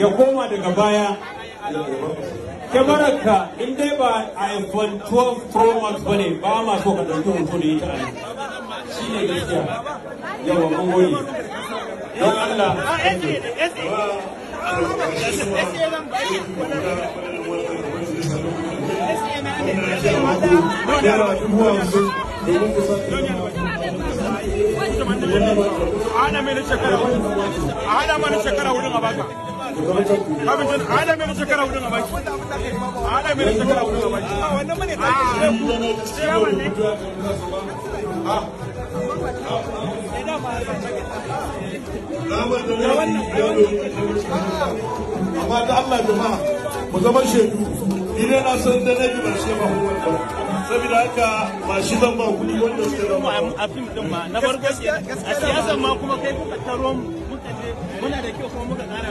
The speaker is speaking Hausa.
ya koma daga baya kyamararka in dai ba iphone 12 pro max ba ne ba ma so ka ɗauki hoto da ita ne shi ne gaskiya yawa mun gode don allah Yara dubu hamsin a hada mana shekara wurin a baka. abin ana mai a baki a a ta ce da Allah mu zama shaidu idan na san da nake ba shi ba saboda haka ba shi zan ba kuɗi wanda suka zama a fim din ma na farko a siyasa ma kuma kai kuka taro muka muna da kyau kuma muka kara